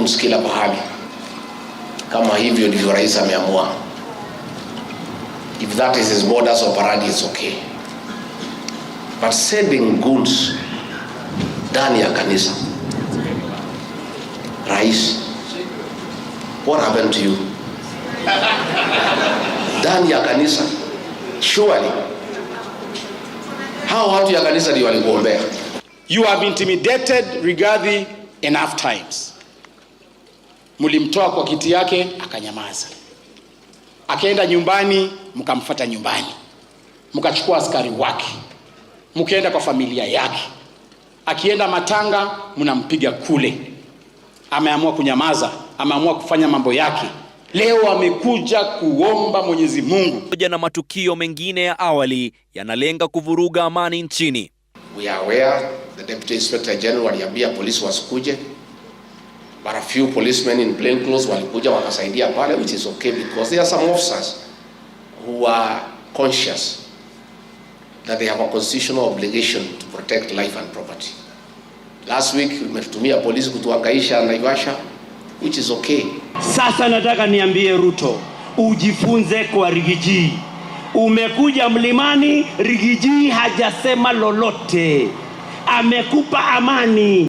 rooms kila pahali, kama hivyo ndivyo rais ameamua. If that is his borders or operandi is okay, but sending goods ndani ya kanisa, rais, what happened to you? ndani ya kanisa surely hao watu ya kanisa ndio walikuombea. You have intimidated regarding enough times mlimtoa kwa kiti yake akanyamaza, akaenda nyumbani, mkamfata nyumbani, mkachukua askari wake, mkaenda kwa familia yake, akienda matanga mnampiga kule. Ameamua kunyamaza, ameamua kufanya mambo yake. Leo amekuja kuomba Mwenyezi Mungu. Pamoja na matukio mengine ya awali yanalenga kuvuruga amani nchini. We are aware, the Deputy Inspector General aliambia polisi wasikuje but a few policemen in plain clothes walikuja wakasaidia pale, which is okay because there are some officers who are conscious that they have a constitutional obligation to protect life and property. Last week umetutumia polisi kutuhangaisha Naivasha, which is okay. Sasa nataka niambie Ruto, ujifunze kwa Rigiji. Umekuja mlimani, Rigiji hajasema lolote, amekupa amani.